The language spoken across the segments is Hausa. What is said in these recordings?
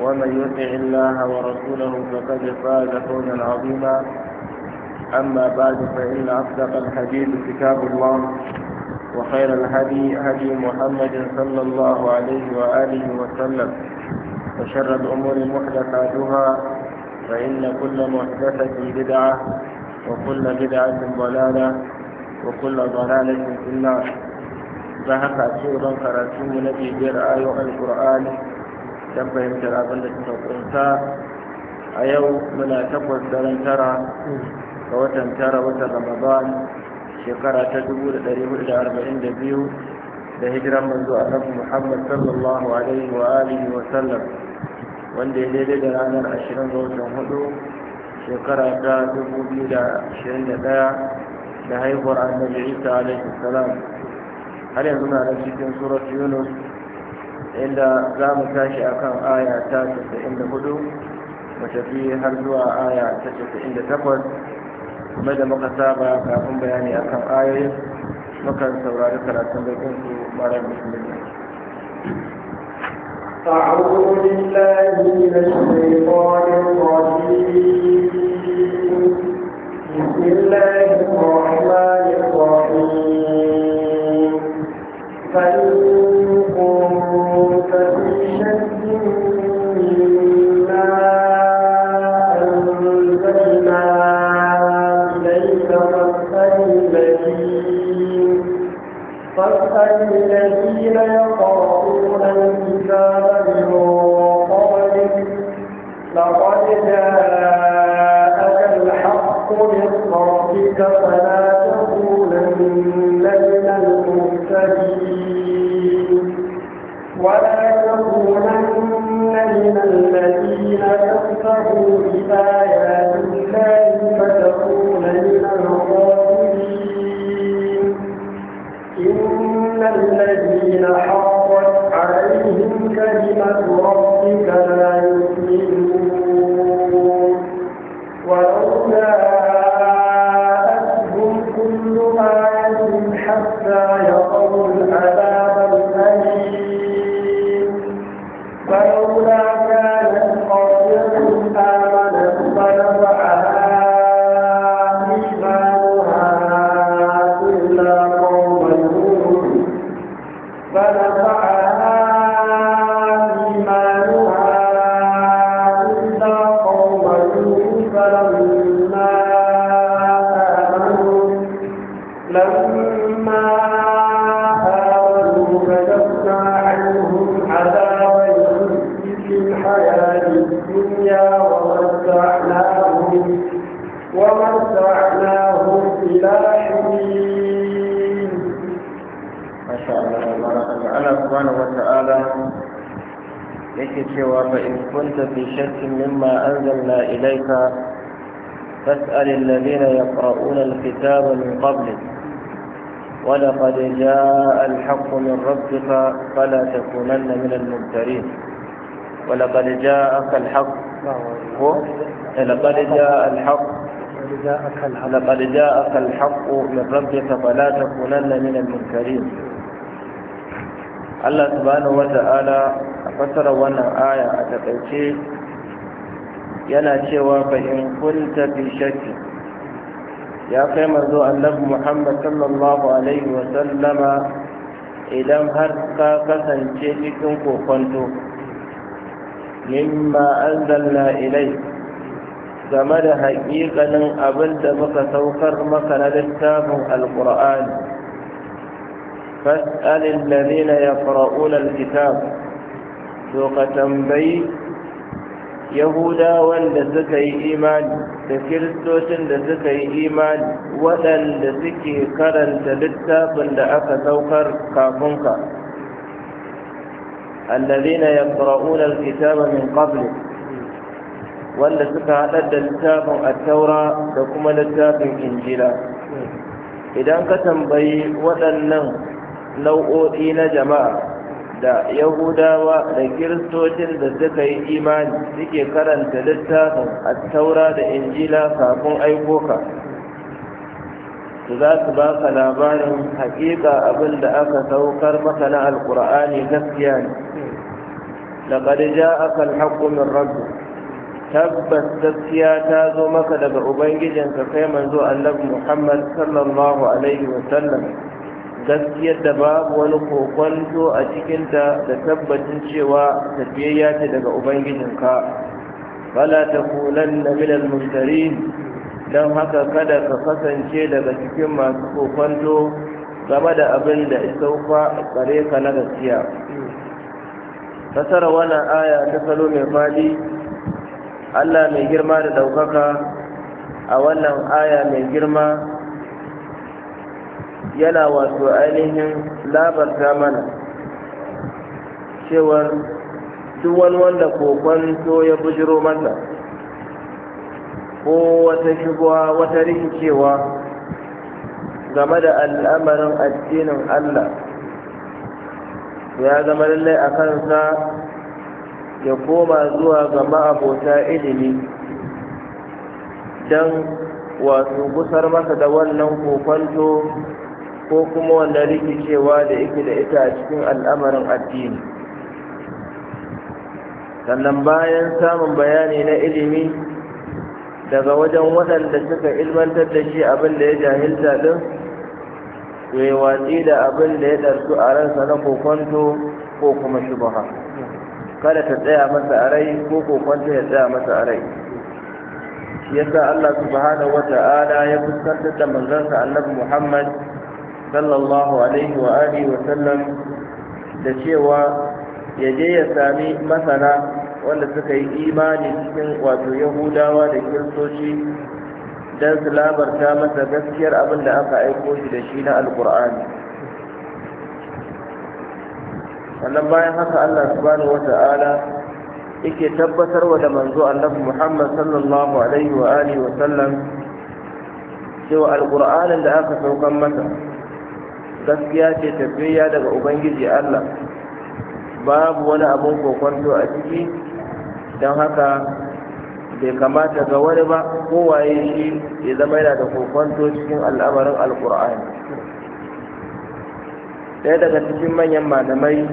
ومن يطع الله ورسوله فقد فاز فوزا عظيما أما بعد فإن أصدق الحديث كتاب الله وخير الهدي هدي محمد صلى الله عليه وآله وسلم وشر الأمور محدثاتها فإن كل محدثة بدعة وكل بدعة ضلالة وكل ضلالة في النار فهكا سورا كراتم نبي بير آية القرآن don fahimtar abin da suka kunsa a yau muna takwas daren tara ga watan tara watan ramadan shekara ta dubu da ɗari hudu da arba'in da biyu da hijiran manzo annabi muhammad sallallahu alaihi wa alihi wa sallam wanda ya daidai da ranar ashirin ga watan hudu shekara ta dubu biyu da ashirin da ɗaya da haihuwar annabi isa alaihi salam har yanzu na da cikin surat yunus inda za mu tashi akan aya ta 94 mu tafi har zuwa aya ta 98 kuma da muka saba kafin bayani akan ayoyin mukan saurari karatun bakin su mara musulmi أعوذ بسم الله الرحمن كُلُّ آية حتى يقضوا الحاجة yake cewa كنت في شك مما أنزلنا إليك فاسأل الذين يقرؤون الكتاب من alkitaba ولقد جاء الحق من ربك فلا تكونن من المبترين ولقد جاءك الحق لقد جاء الحق لقد جاءك الحق من ربك فلا تكونن من المنكرين Allah subhanahu wata'ala a fasara wannan aya a takaice yana cewa fa in kunta fi shakki ya kai manzo annabi Muhammad sallallahu alaihi wa sallama idan har ka kasance cikin kokonto mimma anzalna ilai game da haƙiƙanin abin da muka saukar maka na littafin alƙur'ani فاسأل الذين يقرؤون الكتاب سوق تنبي يهودا وان سكي إيمان تكرستوشن سكي إيمان وان سكي كرن تلتاب لأك سوكر كافنك الذين يقرؤون الكتاب من قبل وان سكا لدى لتاب التوراة لكم لتاب إنجيلا إذا كتنبي وان nau'o'i na jama'a da yahudawa da kiristocin da suka yi imani suke karanta littafin attaura da injila kafin aiko ka za su ba ka labarin haƙiƙa abin da aka saukar maka na alƙur'ani gaskiya ne لقد جاءك الحق من rabu. tabbas gaskiya ta zo maka daga ubangijinka kai manzo annabi Muhammad sallallahu alaihi wa sallam gaskiyar da babu wani kokonto a cikinta da tabbacin cewa tafiyayya ce daga ubangijinka bala ta kulan na minal mustari don haka kada ka kasance daga cikin masu kokonto game da abin da isauka tsare ka na gaskiya fasara wannan aya ta salo mai fadi allah mai girma da ɗaukaka a wannan aya mai girma yana wato ainihin labarta mana cewar duk wani wanda kokonto ya bujiro masa ko wata shigowa wata rikicewa game da al'amarin addinin Allah ya zama lallai a kansa ya koma zuwa ga ma'abota ilimi don wato gusar masa da wannan kokonto ko kuma wanda rikicewa da yake da ita a cikin al'amarin addini sannan bayan samun bayani na ilimi daga wajen waɗanda suka ilmantar da shi abin da ya jahilta ɗin to watsi da abin da ya ɗarsu a ransa na kokonto ko kuma shubaha kada ta tsaya masa a rai ko kokonto ya tsaya masa a rai yasa Allah subhanahu wata'ala ya fuskantar da manzansa annabi Muhammad sallallahu alaihi wa alihi wa sallam da cewa ya je ya sami masana wanda suka yi imani cikin wato yahudawa da kiristoci don su labarta masa gaskiyar abin da aka aiko shi da shi na alkur'ani sannan bayan haka allah subhanahu wa ta'ala yake wa da manzo annabi muhammad sallallahu alaihi wa alihi wa sallam cewa alkur'anin da aka saukan masa gaskiya ce tafiya daga ubangiji Allah babu wani abun kokwanto a ciki don haka bai kamata ga wani ba kowaye shi ya zama yana da kokonto cikin al'amarin alkur'ani ɗaya daga cikin manyan malamai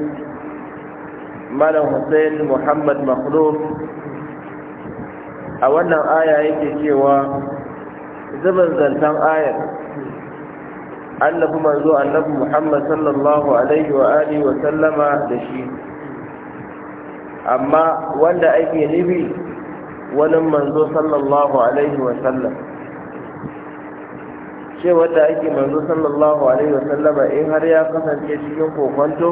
malam hussein muhammad makhluf a wannan aya yake cewa zubin zantan ayar annabi manzo annabi muhammad sallallahu alaihi wa alihi wa sallama da shi amma wanda ake nufi wani manzo sallallahu alaihi wa sallam ce wanda ake manzo sallallahu alaihi wa sallama in har ya kasance cikin kokonto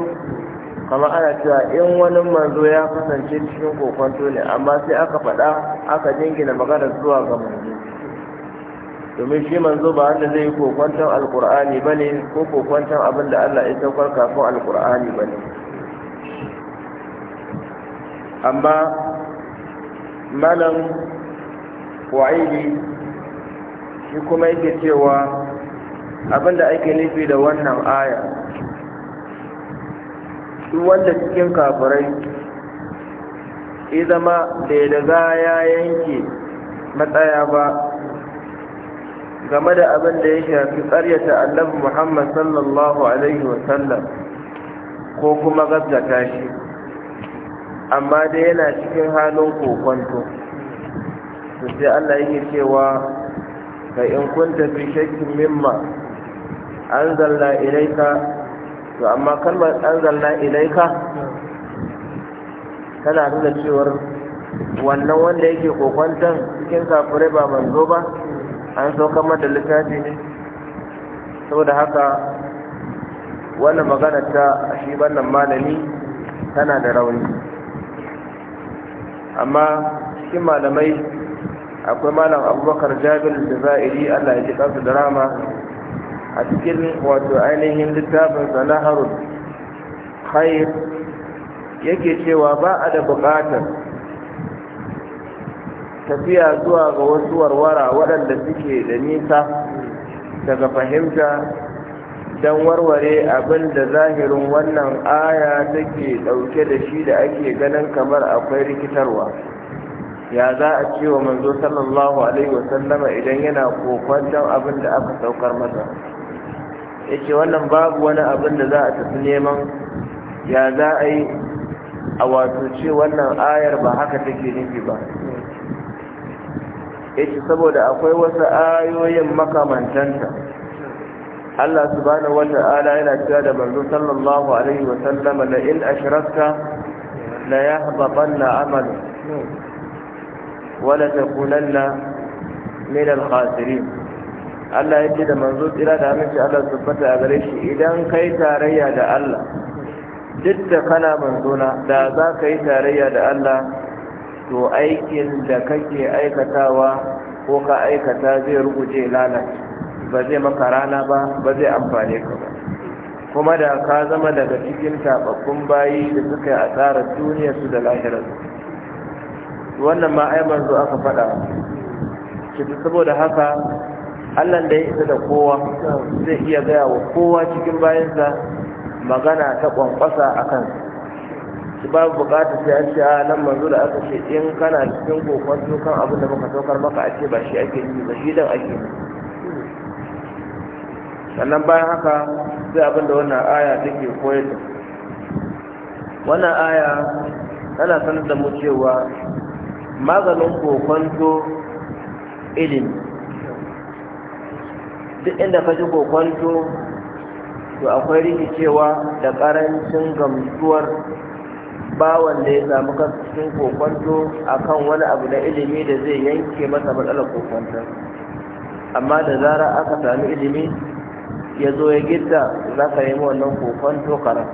kama ana cewa in wani manzo ya kasance cikin kokonto ne amma sai aka faɗa aka jingina magana zuwa ga manzo domin shi manzo ba wanda zai yi kokwantan alkur'ani ba ne ko kokwantan abin da allah ya saukar kafin alkur'ani ba ne amma malam wa'idi shi kuma yake cewa abin da ake nufi da wannan aya duk wanda cikin kafirai ya zama da ya daga ya yanke matsaya ba game da abin da ya shafi ƙaryata annabi muhammad sallallahu alaihi wasallam ko kuma gaskata shi amma dai yana cikin halin kokonto to sai allah yake cewa fa in kunta fi shakkin mimma anzalna ilaika to amma kalmar anzalna ilaika tana nuna cewar wannan wanda yake kokonton cikin kafirai ba manzo ba an saukar mata littafi ne saboda haka wannan magana ta shi wannan malami tana da rauni amma cikin malamai akwai malam abubakar jabir da za'iri allah ya ji kansu da rama a cikin wato ainihin littafin sanaharun khair yake cewa ba a da buƙatar tafiya zuwa ga wasu warwara waɗanda suke da nisa daga fahimta don warware abin da zahirin wannan aya take ɗauke da shi da ake ganin kamar akwai rikitarwa ya za a ce wa manzo sallallahu alaihi wasallama idan yana kokwanton abin da aka saukar masa ce wannan babu wani abin da za a tafi neman ya za a yi a wato ce wannan ayar ba haka take nufi ba yace saboda akwai wasu ayoyin makamantanta Allah subhanahu wata'ala yana cewa da manzo sallallahu alaihi wa sallama la in ashrakta la yahbatanna amalu wa la takunanna min al-khasirin Allah yake da manzo tsira da aminci Allah subhanahu a gare shi idan kai tarayya da Allah duk da kana na, da za ka yi tarayya da Allah to aikin da kake aikatawa ko ka aikata zai ruguje lalace ba zai maka rana ba ba zai amfane ka ba kuma da ka zama daga cikin tababbun bayi da suka yi asarar su da su. wannan ma ai manzo aka faɗa Cikin saboda haka Allah da ya isa da kowa zai iya gaya wa kowa cikin bayansa magana ta kwankwasa a kansa babu bukatar sai an ce a nan manzo da aka ce in kana cikin kokon kan abin da muka saukar maka a ce ba shi ake yi ba shi dan ake yi sannan bayan haka sai abin da wannan aya take koyar da wannan aya tana sanar da mu cewa maganin to ilimi duk inda ka ji kokon to akwai rikicewa da ƙarancin gamsuwar bawan da ya samu kasashen cikin a kan wani abu na ilimi da zai yanke masa matsalar kokwantar amma da zara aka sami ilimi ya zo ya gidda za ka yi wannan kokwanto kara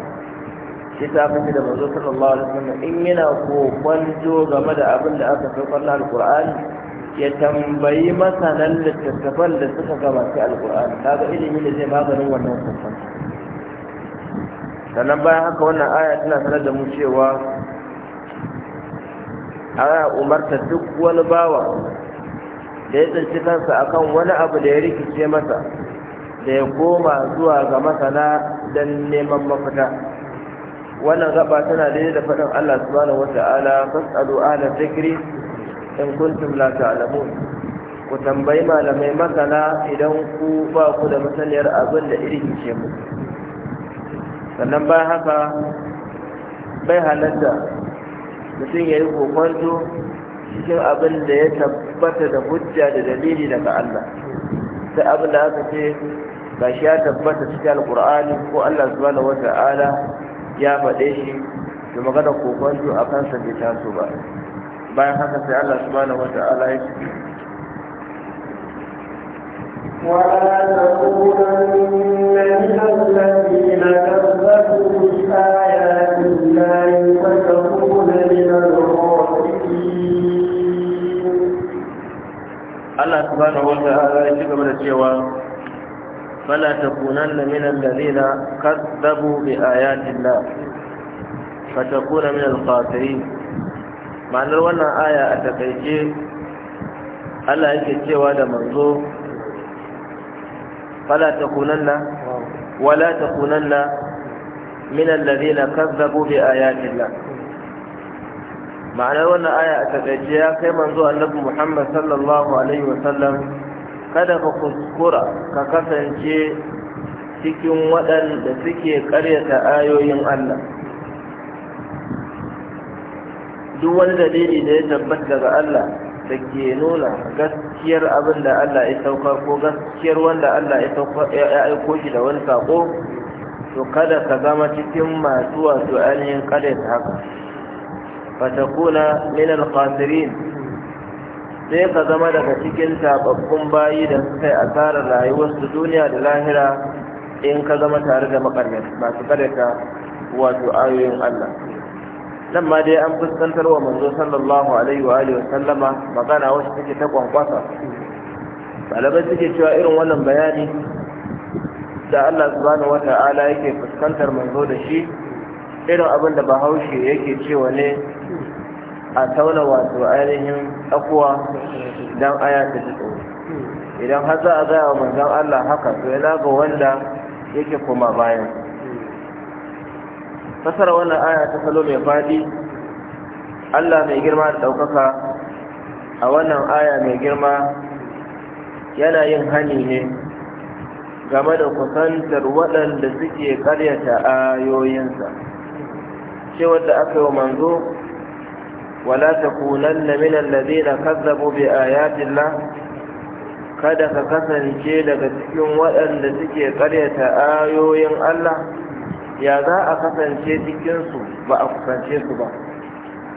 shi ta fi da mazo sallallahu alaihi wasallam in yana kokwanto game da abin da aka saukar na alkur'ani ya tambayi masanan littattafan da suka gabata alkur'ani kaga ilimi da zai maganin wannan kokwanto sannan bayan haka wannan aya tana sanar da mu cewa ana umarta duk wani bawa da ya tsinci kansa akan wani abu da ya rikice masa da ya koma zuwa ga masana don neman mafita wannan gaba tana daidai da faɗin Allah subhanahu wata'ala fasalu ala zikri in kuntum la ta'lamun ku tambayi malamai masana idan ku ba ku da masaniyar abin da irin ke mu sannan bayan haka bai halatta mutum ya yi kokwanto cikin abin da ya tabbata da hujja da dalili daga Allah sai abin da aka ce ga shi ya tabbata cikin alkur'ani ko Allah subhanahu wata'ala ya faɗe shi da magana kokwanto a kansa bai taso ba bayan haka sai Allah subhanahu wata'ala ya ce ولا تكونن من الذين كفروا Allah subhanahu wa ta'ala ya cigaba da cewa fala takunanna min alladhina kadzabu bi ayati Allah fa takuna min al-qasirin ma'anar wannan aya a takaice Allah yake cewa da manzo fala takunanna wa la takunanna min alladhina kazzabu bi ayatillah ma'anar wannan aya a takaice ya kai manzo annabi Muhammad sallallahu alaihi wasallam kada ka kuskura ka kasance cikin waɗanda suke ƙaryata ayoyin Allah duk wani dalili da ya tabbata daga Allah da ke nuna gaskiyar abin da Allah ya sauka ko gaskiyar wanda Allah ya aiko shi da wani saƙo to kada ka zama cikin masu wasu ainihin kada ta haka kuna min kwasirin. sai ka zama daga cikin tababbun bayi da suka yi asarar rayuwarsu duniya da lahira in ka zama tare da makaryar masu kada ta wato ayoyin Allah nan ma dai an fuskantar wa manzo sallallahu alaihi wa alihi sallama magana wacce take ta kwankwasa malamai suke cewa irin wannan bayani da Allah subhanahu wata'ala yake fuskantar manzo da shi irin abin da bahaushe yake cewa ne a taula wato ainihin akuwa don aya ta ji idan har za a gaya wa manzon Allah haka to yana ga wanda yake koma bayan fasara wannan aya ta salo mai faɗi Allah mai girma da ɗaukaka a wannan aya mai girma yana yin hani ne game da kusantar waɗanda suke ƙaryata ayoyinsa cewar da aka yi manzo wala ta kunan na minan da zai kazzabu bi ayatillah kada ka kasance daga cikin waɗanda suke ƙaryata ayoyin Allah ya za a kasance cikinsu ba a kusance su ba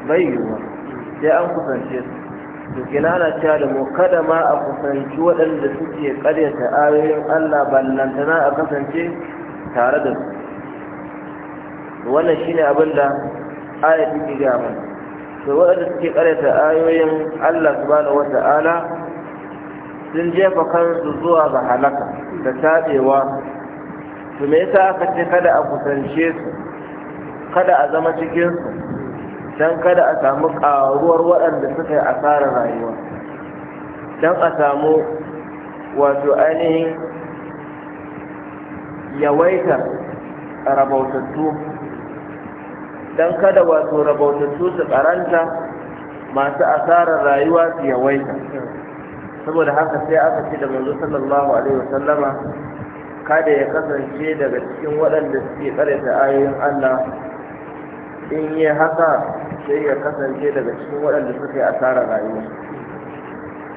bai yiwuwa sai an kusance su to kina cewa da mu kada ma a kusanci waɗanda suke ƙaryata ayoyin Allah ballantana a kasance tare da su wannan shine abin da aya take ga mu to waɗanda suke ƙaryata ayoyin Allah subhanahu wata'ala sun jefa kansu zuwa ga halaka da tabewa to me yasa aka ce kada a kusance su kada a zama cikin su don kada a samu ƙaruwar waɗanda suka yi asarar rayuwa don a samu wato ainihin yawaitar rabautattu don kada wato rabautattu su karanta masu asarar rayuwa su yawaita saboda haka sai aka ce da manzo sallallahu alaihi wasallama kada ya kasance daga cikin waɗanda suke ta ayoyin Allah in yi haka sai ya kasance daga cikin waɗanda suka yi asarar rayuwa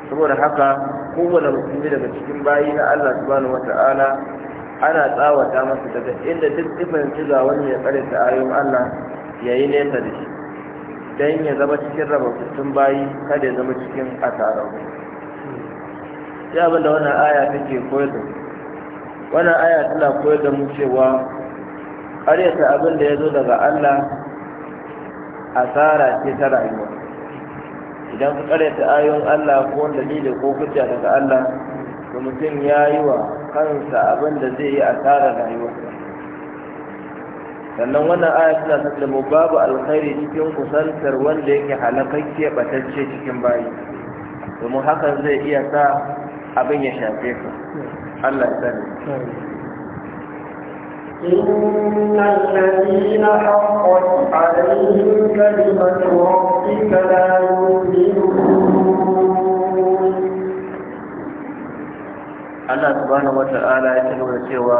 saboda haka kowane musulmi daga cikin bayi na Allah subhanahu wata'ala ana tsawata masa daga inda duk ifin ciga wani ya tsare ta ayoyin Allah ya yi nesa da shi don ya zama cikin rabautattun bayi kada ya zama cikin asarar ya abin da wannan aya take koyar da wannan aya tana koyar da mu cewa ƙaryata abin da ya zo daga Allah asara ce ta rayuwa idan ka karyata ayoyin Allah ko dalili ko hujja daga Allah to mutum ya yi wa kansa abin da zai yi asara rayuwa. sannan wannan aya tana sanar mu babu alkhairi cikin kusantar wanda yake halakakke batacce cikin bayi domin hakan zai iya sa abin ya shafe ka Allah ya sani إن الذين حقت عليهم كلمة ربك لا يؤمنون الله سبحانه وتعالى يتلون سوى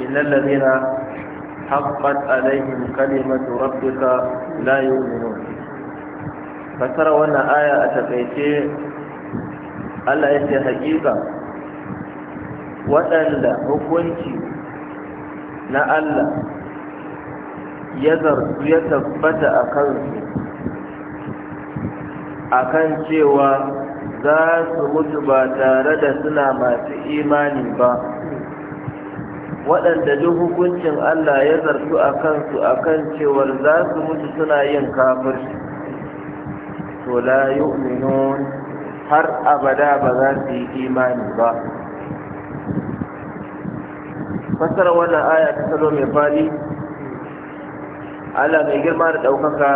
إن الذين حقت عليهم كلمة ربك لا يؤمنون fasara wannan aya a takaice Allah ya ce hakika waɗanda hukunci na Allah ya zartu ya tabbata a kansu a kan cewa za su mutu ba tare da suna masu imani ba waɗanda duk hukuncin Allah ya zartu a kansu a kan cewar za su mutu suna yin kafir to la yi har abada ba za su yi imani ba fassara wannan aya ta salo mai fadi Allah mai girma da ɗaukaka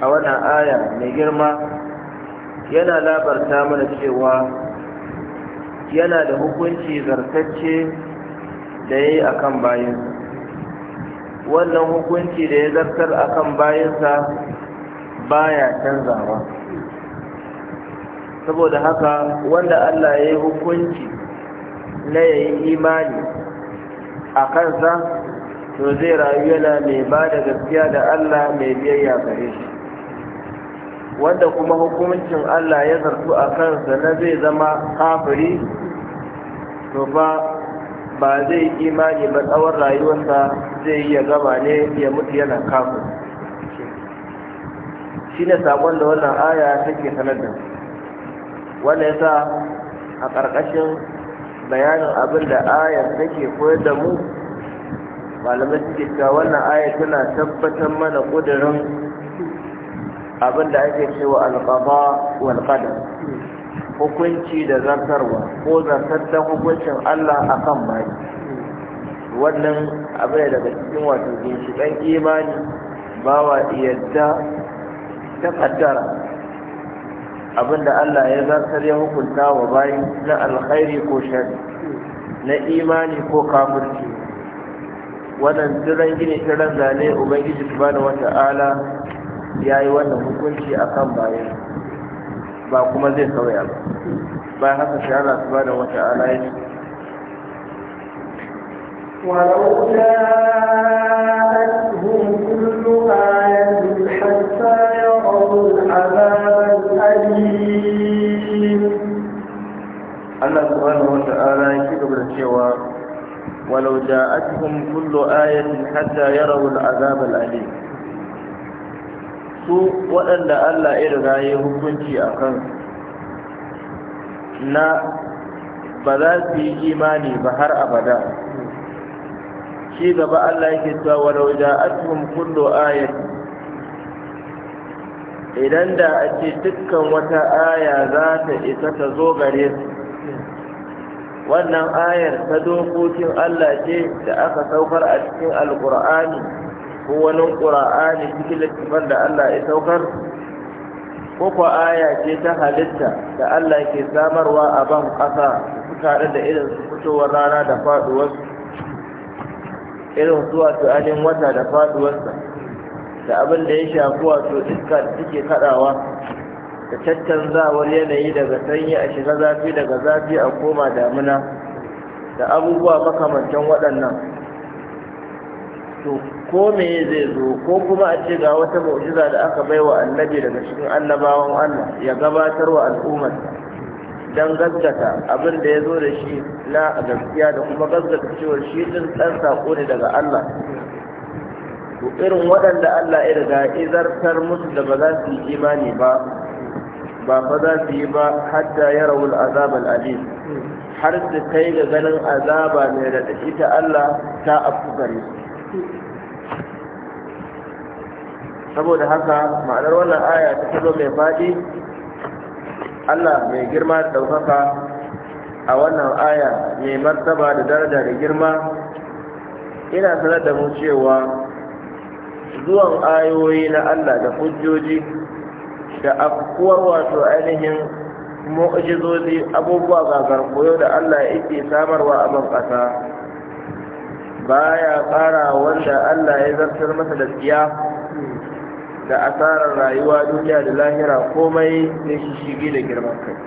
a wannan aya mai girma yana labarta mana cewa yana da hukunci zartacce da ya yi a kan bayansa wannan hukunci da ya zartar a kan bayansa baya canzawa saboda haka wanda Allah ya yi hukunci na yayi imani a kansa to zai rayu yana mai ba da gaskiya da Allah mai biyayya gare shi wanda kuma hukuncin Allah ya zartu a kansa na zai zama kafiri to ba ba zai imani ba tsawon rayuwarsa zai iya gaba ne ya mutu yana Shi ne sakon da wannan aya take sanar da wannan yasa a ƙarƙashin bayanin abin da ayar take koyar da mu malamai suke cewa wannan ayar tana tabbatar mana ƙudurin abin da ake cewa alƙaba wal hukunci da zartarwa ko zartar da hukuncin Allah a kan bayi wannan abin daga cikin wato ginshiƙan imani bawa yadda ta kaddara abinda Allah ya zartar ya hukunta wa bayi na alkhairi ko shari na imani ko kafirci wannan tiran gini tiran zane ubangiji wata ala ya yi wannan hukunci akan bayan ba kuma zai sauya ba bayan haka shi da wata ala ya ce ولو جاءت Allah subhanahu wa ta'ala ya ci gaba da cewa walau ja'atuhum kullu ayatin hatta yarawu al'azab al'alim su waɗanda Allah ya riga ya hukunci akan. na ba za su yi imani ba har abada shi gaba Allah yake cewa walau ja'atuhum kullu ayatin idan da a ce dukkan wata aya za ta isa ta zo gare su wannan ayar ta dokokin Allah ce da aka saukar a cikin alkur'ani ko wani ƙura'ani cikin littafin da Allah ya saukar ko kuwa aya ce ta halitta da Allah ke samarwa a ban ƙasa tare da irin su fitowar rana da faɗuwarsu irin su wato ainihin wata da faɗuwarsa da abin da ya shafi wato iska da take kaɗawa da caccanzawar yanayi daga sanyi a shiga zafi daga zafi a koma damuna. da abubuwa makamantan waɗannan ko me zai zo ko kuma a ce ga wata mu'jiza da aka bai wa annabi daga cikin annabawan Allah ya gabatar wa al'ummar dan gaskata abin da ya zo da shi na gaskiya da kuma gaskata cewa shi din dan sako ne daga Allah to irin waɗanda Allah ya riga izartar musu da ba za su yi imani ba ba fa za su yi ba hatta ya rawul azabal alim har su kai ga ganin azaba mai raɗaɗi ta Allah ta afu gare su saboda haka ma'anar wannan aya ta tazo mai faɗi Allah mai girma da ɗaukaka a wannan aya mai martaba da daraja da girma ina sanar da mu cewa zuwan ayoyi na Allah da hujjoji da afkuwar wato ainihin mu'jizozi abubuwa gagar koyo da Allah ya ke samarwa a ban ƙasa baya tsara wanda Allah ya zartar masa da tsiya da asarar rayuwa duniya da lahira komai zai shi shige da girman kai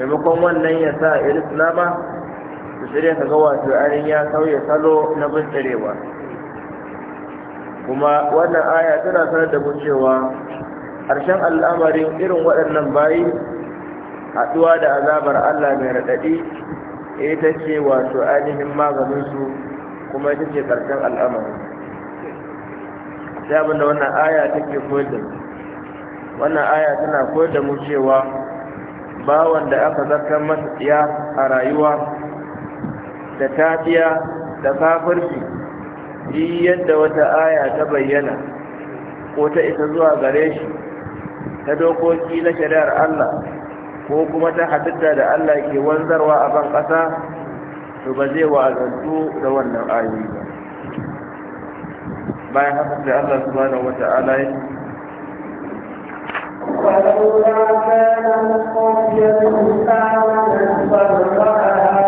maimakon wannan ya sa irislama su shirya ta ga wato ainihin ya sauya salo na bincirewa kuma wannan aya tana sanar da mu cewa harshen al'amarin irin waɗannan bayi haɗuwa da azabar Allah mai raɗaɗi ta ce wato ainihin maganinsu kuma ita ce ƙarshen al'amarin sai da wannan aya take koyar wannan aya tana koyar da mu cewa bawan da aka zartar masa tsiya a rayuwa da tafiya da kafirki yi yadda wata aya ta bayyana ko ta isa zuwa gare shi ta dokoki na shari'ar Allah ko kuma ta halitta da Allah ke wanzarwa a ban ƙasa to ba zai wa'azantu da wannan ayoyi ba bayan haka sai Allah subhanahu wata'ala ya ولولا كان مقرية آمنت فبرأها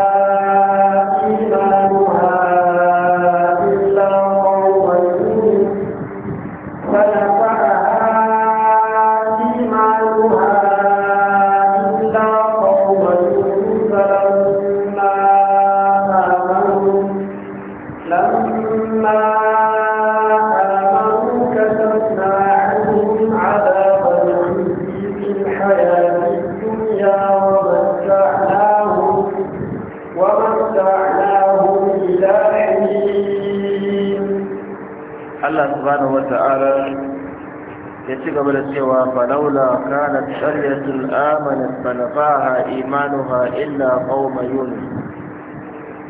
الله سبحانه وتعالى يتقب لسوى فلولا كانت شرية آمنت فنفاها إيمانها إلا قوم يونس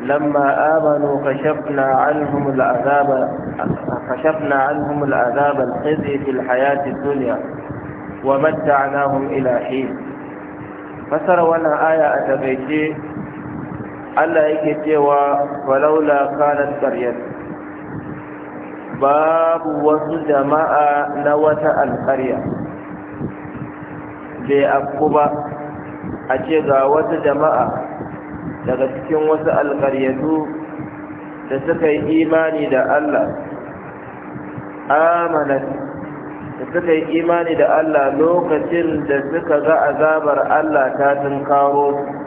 لما آمنوا كشفنا عنهم العذاب كشفنا عنهم العذاب الخزي في الحياة الدنيا ومتعناهم إلى حين فسر وانا آية أتبيتي Allah yake cewa falaula kanat qaryat babu wasu jama'a na wata alƙarya bai afku ba a ce ga wata jama'a daga cikin wasu alƙaryatu da suka yi imani da Allah amanat da suka yi imani da Allah lokacin da suka ga azabar Allah ta tunkaro su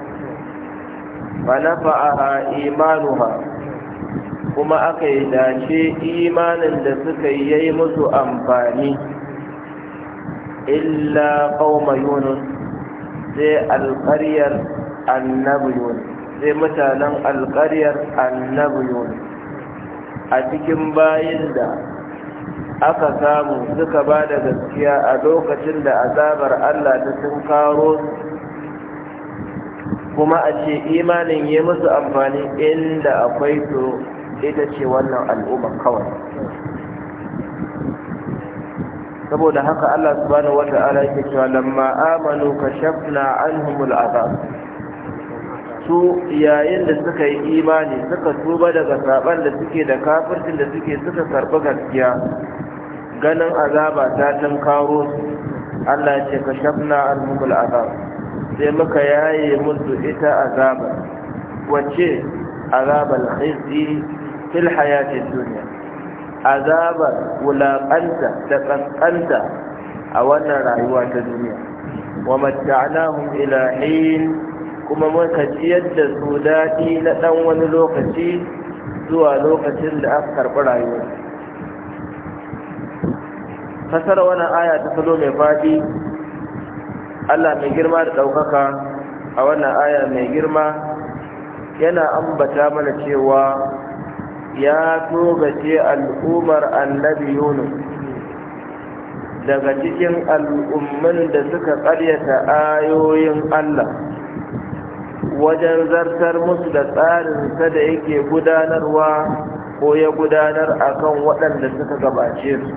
fanafa'aha imanuha kuma aka yi dace imanin da suka yi musu amfani illa qauma yunus sai mutanen alƙaryar annabi a cikin bayin da aka samu suka ba da gaskiya a lokacin da azabar Allah ta sun karo kuma a ce imanin ya musu amfani inda akwai su ita ce wannan al'umma kawai saboda haka Allah subhanahu wata'ala yake cewa lamma amanu kashafna anhumul azab su yayin da suka yi imani suka tuba daga saban da suke da kafircin da suke suka karbi gaskiya ganin azaba ta tankaro Allah ya ce kashafna anhumul azab sai muka yaye musu ita azabar wace azabar khizi fil hayati duniya azabar wulaƙanta da ƙasƙanta a wannan rayuwa ta duniya wa matta'nahum ila hin kuma muka ciyar da su daɗi na ɗan wani lokaci zuwa lokacin da aka karɓi rayuwa fasara wannan aya ta salo mai faɗi Allah mai girma da ɗaukaka a wannan aya mai girma yana ambata mana cewa ya togace al'ummar annabi Yunus daga cikin al'ummin da suka ƙaryata ayoyin Allah wajen zartar musu da tsarin sa da yake gudanarwa ko ya gudanar akan waɗanda suka gabace su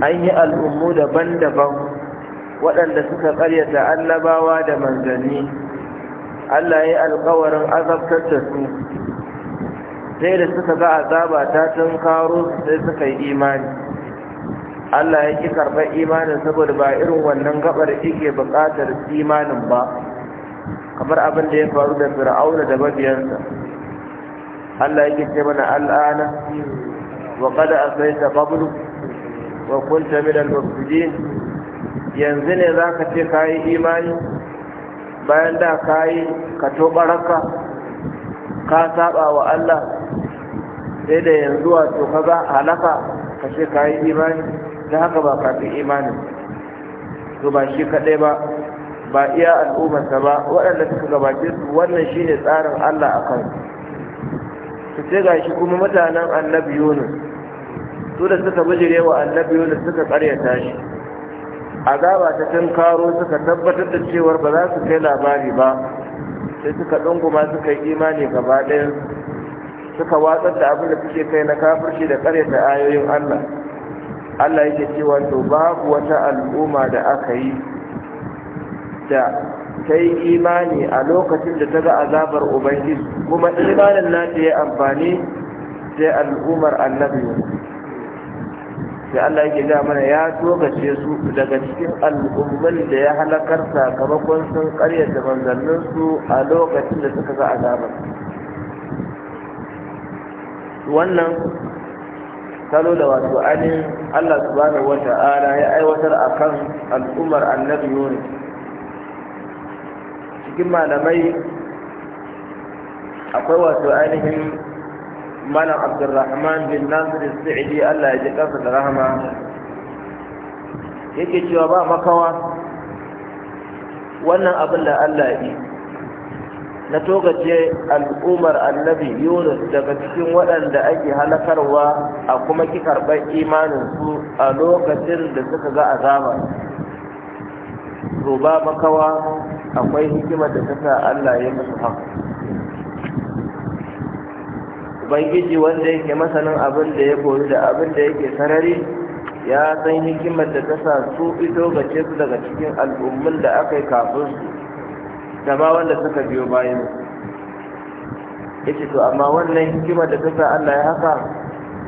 an yi al'ummu daban-daban waɗanda suka ƙaryata annabawa da manzanni Allah ya yi alkawarin azabtar da su sai da suka ga azaba ta tun karo sai suka yi imani Allah ya ki karɓar imanin saboda ba irin wannan gabar yake buƙatar imanin ba kamar abin da ya faru da fir'auna da babiyansa Allah ya yake ce mana al'ana wa qad asayta qablu wa kunta min al-mufsidin yanzu ne za ka ce ka yi imani bayan da ka yi ka tobaraka ka saba wa Allah sai da yanzu wato ka ga halaka ka ce ka yi imani ta haka ba kafin imanin su ba shi kaɗai ba ba iya al'ummarsa ba waɗanda suka gabace su wannan shi ne tsarin Allah a kan su ce ga shi kuma mutanen annabi yunus su da suka bijire wa annabi yunus suka karyata shi azaba ta karo suka tabbatar da cewar ba za su kai labari ba sai suka ɗunguma suka yi imani gaba ɗaya suka watsar da abin da suke kai na kafirci da ta ayoyin Allah Allah yake cewa to babu wata al'umma da aka yi da ta yi imani a lokacin da ta ga azabar ubangiji kuma imanin na ta yi amfani sai al'ummar annabi sai Allah yake ga mana ya tokace su daga cikin al'umman da ya halakar sakamakon sun karyata su a lokacin da suka ga azabar wannan salo da wato ainihin Allah subhanahu wa ta'ala ya aiwatar akan al'ummar annabi Yunus cikin malamai akwai wato ainihin malam abdurrahman bin nasir sa'idi Allah ya ji kansa da rahama yake cewa ba makawa wannan abin da Allah ya yi na togace al'ummar annabi yunus daga cikin waɗanda ake halakarwa a kuma ki karɓar imaninsu a lokacin da suka ga azaba to ba makawa akwai hikimar da ta sa Allah ya musu haka ubangiji wanda yake masanin abin da ya koyi da abin da yake sarari ya san hikimar da ta sa su fito gace su daga cikin al'ummin da aka yi kafin su da ma wanda suka biyo bayan yace to amma wannan hikimar da ta sa Allah ya haka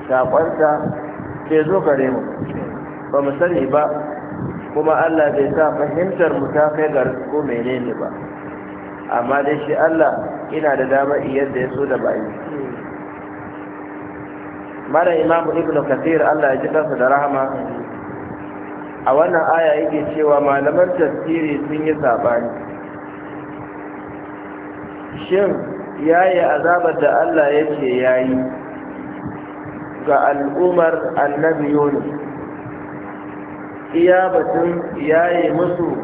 shaƙonta ke zo gare mu ba mu sani ba kuma Allah bai sa fahimtar mu ta kai ga ko menene ba amma dai shi Allah ina da damar yadda ya so da bayi mara imamu ibnu kasir Allah ya ji kansa da rahama a wannan aya yake cewa malaman tafsiri sun yi sabani shin yayi azabar da Allah yake yayi ga al'umar annabi Yunus iya batun yayi musu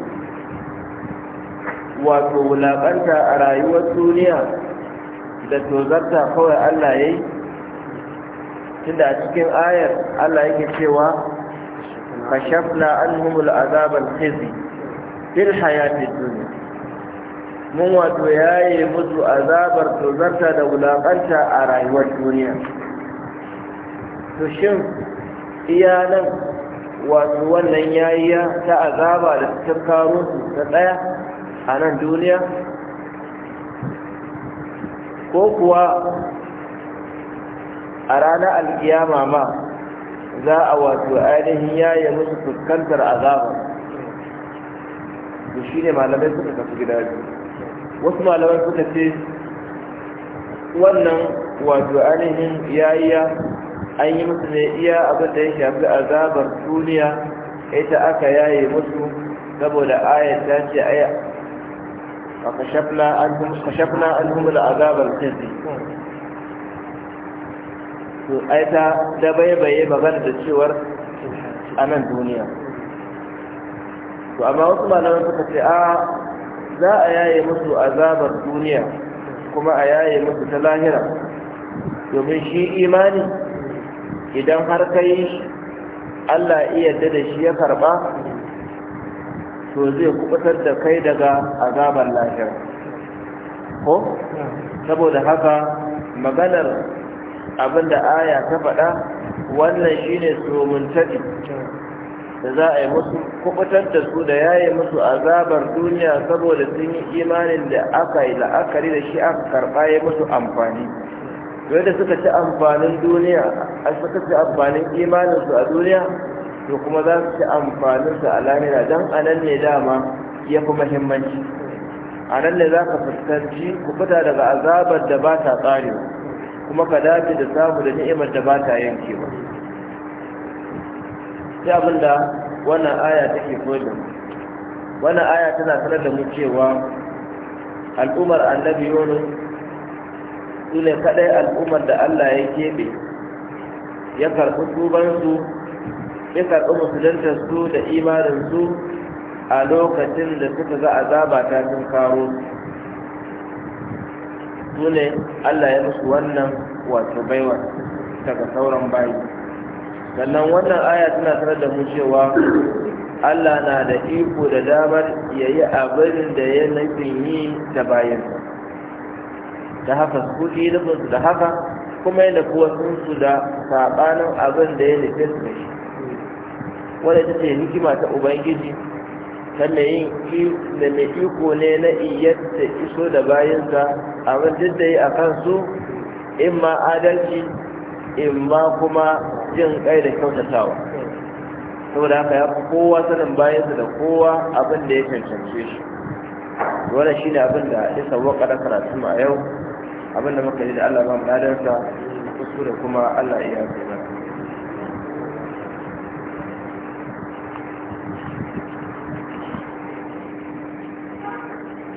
wato wulaƙanta a rayuwar duniya da tozarta kawai Allah yayi tunda a cikin ayar Allah yake cewa kashafna anhumul azaban khizi fil hayati dunya mun wato yaye musu azabar tozarta da wulakanta a rayuwar duniya to shin iyalan wato wannan yayiya ta azaba da ta karo su ta daya a nan duniya ko kuwa a ranar alkiyama ma za a wato ainihin yi musu fuskantar azaba to shi ne malamai suka tafi gida wasu malamai suka ce wannan wato ainihin yayiya an yi musu ne iya abin da ya shafi azabar duniya ita aka yaye musu saboda ayat ta ce aya a kashafna an humula azabar kirki to ai ta dabaibaye magana da cewar a nan duniya amma wasu malamai suka ce a za a yaye musu azabar duniya kuma a yaye musu ta lahira domin shi imani idan har kai Allah iya da shi ya karba to zai kubutar da kai daga azabar lahira ko saboda haka maganar abinda aya ta faɗa wannan shine tsomuntadi da za a yi musu kubutar da su da yi musu azabar duniya saboda sun yi imanin da aka yi la'akari da shi aka karɓa ya musu amfani da suka ci amfanin duniya a suka ci amfanin imaninsu a duniya to kuma za su ci amfaninsu a Lamira don a nan ne dama ya fi muhimmanci a nan ne za ka fuskanci kubuta daga azabar da ba ta tsarewa kuma ka dace da samu da ni'imar da ba ta yanke ba sai abin da wannan aya take koyar da mu wannan aya tana sanar da mu cewa al'ummar annabi yono su ne kaɗai al'ummar da allah ya keɓe ya karɓi tubansu ya karɓi su, da imaninsu a lokacin da suka ga azaba ta sun karo su su ne Allah ya musu wannan wato baiwa daga sauran bayi sannan wannan aya tana sanar da mu cewa Allah na da iko da damar ya yi abin da ya nufin yi da bayansa da haka su yi nufinsu da haka kuma yana kuwa sun su da saɓanin abin da ya nufin su da shi wadda ta ce hikima ta ubangiji kana yin da mai iko ne na iyatta iso da bayansa a wajen da yi a kansu in ma adalci in ma kuma jin kai da kyautatawa saboda haka ya fi kowa sanin bayansa da kowa abin da ya cancance shi wannan ne abin da ya sauwaka da karatu a yau abin da muka yi da Allah ba mu ladarsa kuskure kuma Allah iya zai